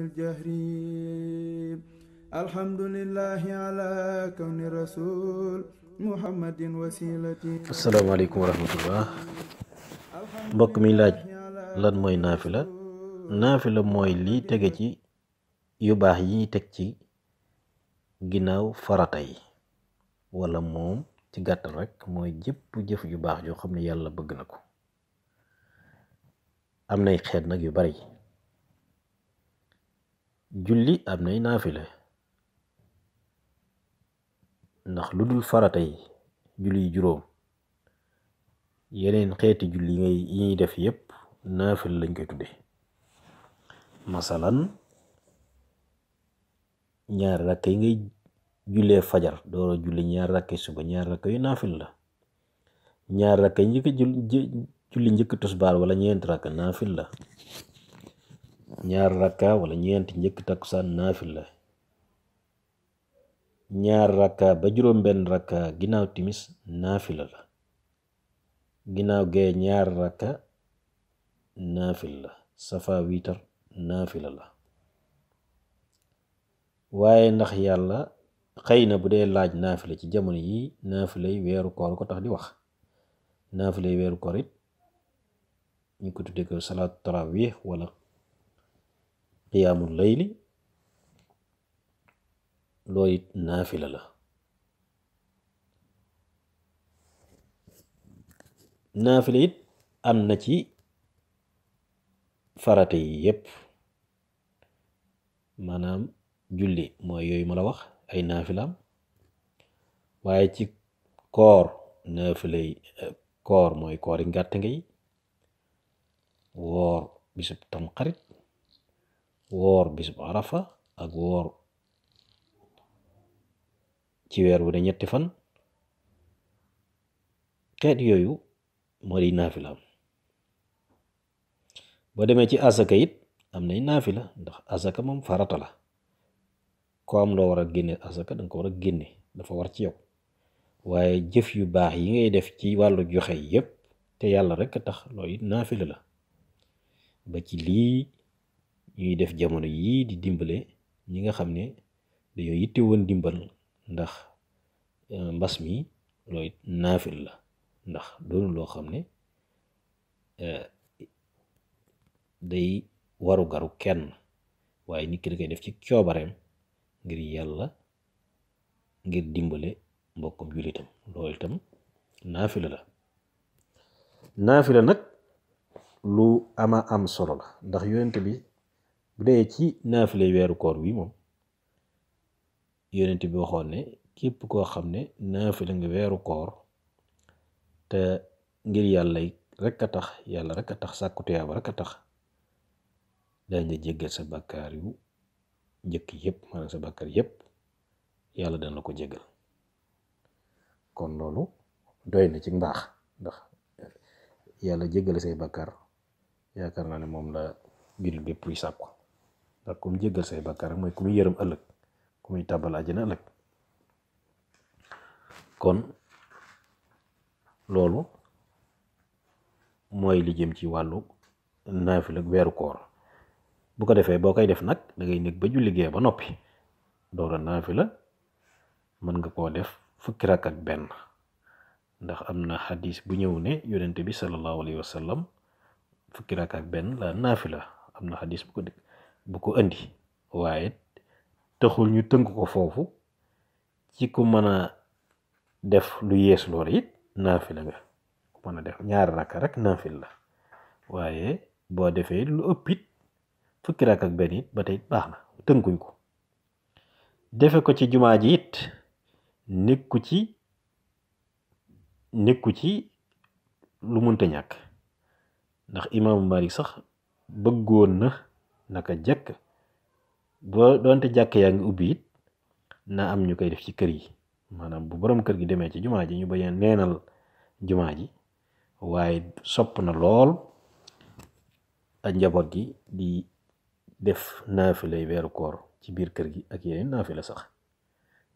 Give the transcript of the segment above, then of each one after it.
الجهر الحمد لله على كون mbokk mi laaj lan mooy naafila naafila mooy lii tege ci yu baax yi teg ci ginnaaw farata yi wala moom ci gàttal rek mooy jëpp jëf yu baax yoo xam ne yàlla bëgg na ko am nay xeet nag yu bari julli am nay naafila ndax lu dul farata yi julli juróom yeneen xeeti julli ngay yi ñuy def yépp naafila lañ koy tudde masalan ñaari rakk yi ngay jullee fajar doora julli ñaari rakk yi suba ñaari rakk yu naafil la ñaari rakk yi njëkk julli njëkk tusbaar wala ñeent rakk naafil la ñaar rakka wala ñeenti njëkk takkusaan naafila ñaar rakka ba juróom-benn rakka ginnaaw timis naafila la ginnaaw gee ñaar rakka naafila la safa wiitar naafila la waaye ndax yàlla xëy na bu dee laaj naafila ci jamono yi naafilay weeru koor ko tax di wax naafilay weeru koor it ñu ko tuddee ko salaatu tarawih wala qiyaamul layli loolu it naafila la naafila it am na ci farata yi yépp maanaam julli mooy yooyu ma la wax ay naafilaam waaye ci koor naafila yi eh, koor mooy koori ngàtt ngay woor bisub tam xarit woor bisub arafa ak woor ci weer wu ne ñetti fan xeet yooyu moo di naafila boo demee ci asaka it am nay naafila ndax asaka moom farata la ko am loo war a génne asaka danga ko war a génne dafa war ci yow waaye jëf yu baax yi ngay def ci wàllu joxe yépp te yàlla rekk tax looy naafila la ba ci lii ñuy def jamono yii di dimbale ñi nga xam ne dañoo yitte woon dimbal ndax euh, mbas mi looy naafil la ndax doonu loo xam ne euh, day waru garu kenn waaye nit ki da def ci coobareem ngir yàlla ngir dimbale mbokkum jullitam loolu itam naafila la naafila nag lu ama am solo la ndax yonent bi bu dee ci naafile weeru koor wi moom yonent boo waxoon ne képp koo xam ne naafile nga weeru koor te ngir yàlla rekk a tax yàlla rek a tax sàkku tuyaaba rek a tax daañu la jéggal sa bakkaar yu njëkk yépp maanaam sa bakkaar yépp yàlla dana la ko jéggal kon loolu doy na ci mbaax ndax yàlla jéggale say bakkaar yaakaar naa ne moom la jullit bépp luy sàkku ndax ku mu ba say mooy ku muy yërëm ëllëg ku muy tàbbal àjjana ëllëg kon loolu mooy li ci wàllu naafila ak weeru koor bu ko defee boo koy def nag dangay ngay nekk ba julli gee ba noppi door a naafila mën nga koo def fukki rakk ak benn ndax am na xadis bu ñëw ne yonente bi fukki rakk ak benn la am na xadis bu ko dëkk bu ko indi waaye taxul ñu tënk ko foofu ci ku mën a def lu yees loolu it naafila nga ku mën a def ñaari rakk rek naafil la waaye boo defee lu ëpp it fukki rakk ak benn it ba tey baax na tënkuñ ko defe ko ci jumaa ji it nekku ci nekku ci lu munta ñàkk ndax imaamu Maalik sax ba bëggoon na naka jëkk boo doonte jàkk yaa ngi ubbi it na am ñu koy def ci kër yi maanaam bu borom kër gi demee ci jumaa ji ñu bañ a neenal jumaa ji waaye sopp na lool ak njaboot gi di def naafilay weeru koor ci biir kër gi ak yeneen naafila sax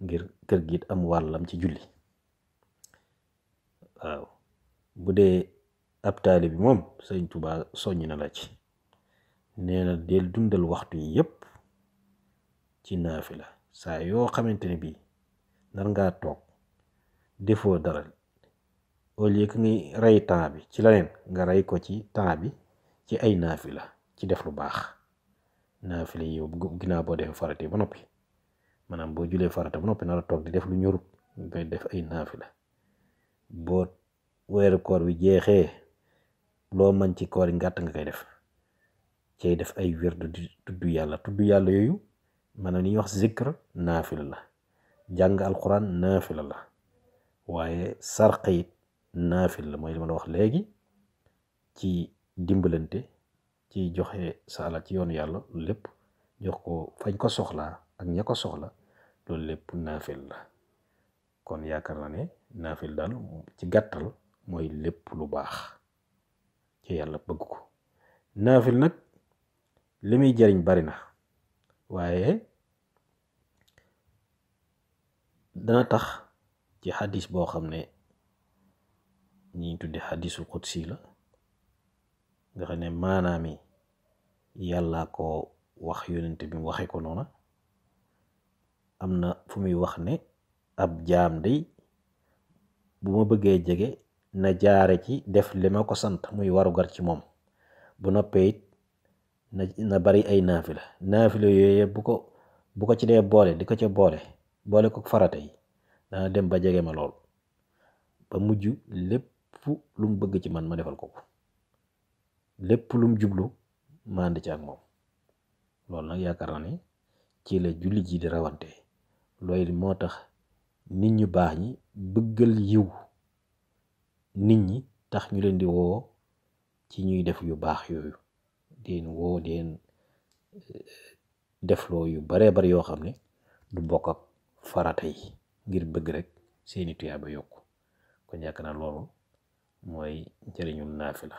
ngir kër gi it am wàllam ci julli waaw bu dee ab taali bi moom sëñ Tuubaa soññ na ci nee na del dundal waxtu yi yépp ci naafila saa yoo xamante ne bii nar ngaa toog defoo dara au lieu que ngay rey temps bi ci leneen nga rey ko ci temps bi ci ay naafila ci def lu baax naafila yi ginnaaw boo defee farate ba noppi maanaam boo julee farata ba noppi nar a toog di def lu ñorut ngay def ay naafila boo weeru koor bi jeexee loo mën ci koori ngàtt nga koy def cay def ay wirdu di tudd yàlla tudd yàlla yooyu maanaam li ñuy wax zikr naafila la jàng alquran naafila la waaye sarqa it naafil la mooy li wax léegi ci dimbalante ci joxe sa ci yoonu yàlla lépp jox ko fañ ko soxlaa ak ña ko soxla loolu lépp naafil la kon yaakaar naa ne naafil daal ci gàttal mooy lépp lu baax ci yàlla bëgg naafil nag li muy jariñ bari na waaye dana tax ci xadis boo xam ne ñiy tudde xadisul qudsi la nga xam ne maanaami yàlla ko wax yonente bi waxe ko noona am na fu muy wax ne ab jaam day bu ma bëggee jege na jaare ci def lima ko sant muy warugar ci moom bu noppee it na na bari ay naafila naafila yooyu bu ko bu ko ci dee boole di ko ca boole boole ko farata yi dana dem ba jege ma lool ba mujj lépp lu mu bëgg ci man ma defal ko ko lépp lu jublu ma ànd ci ak moom loolu nag yaakaar na ne ci la julli ji di rawante loolu moo tax nit ñu baax ñi bëggal yiw nit ñi tax ñu leen di woo ci ñuy def yu baax yooyu deen woo deen defloo yu baree bari yoo xam ne du bokk ak farata yi ngir bëgg rek seeni tuyaaba yokk kon yaakaar na loolu mooy njëriñul naafila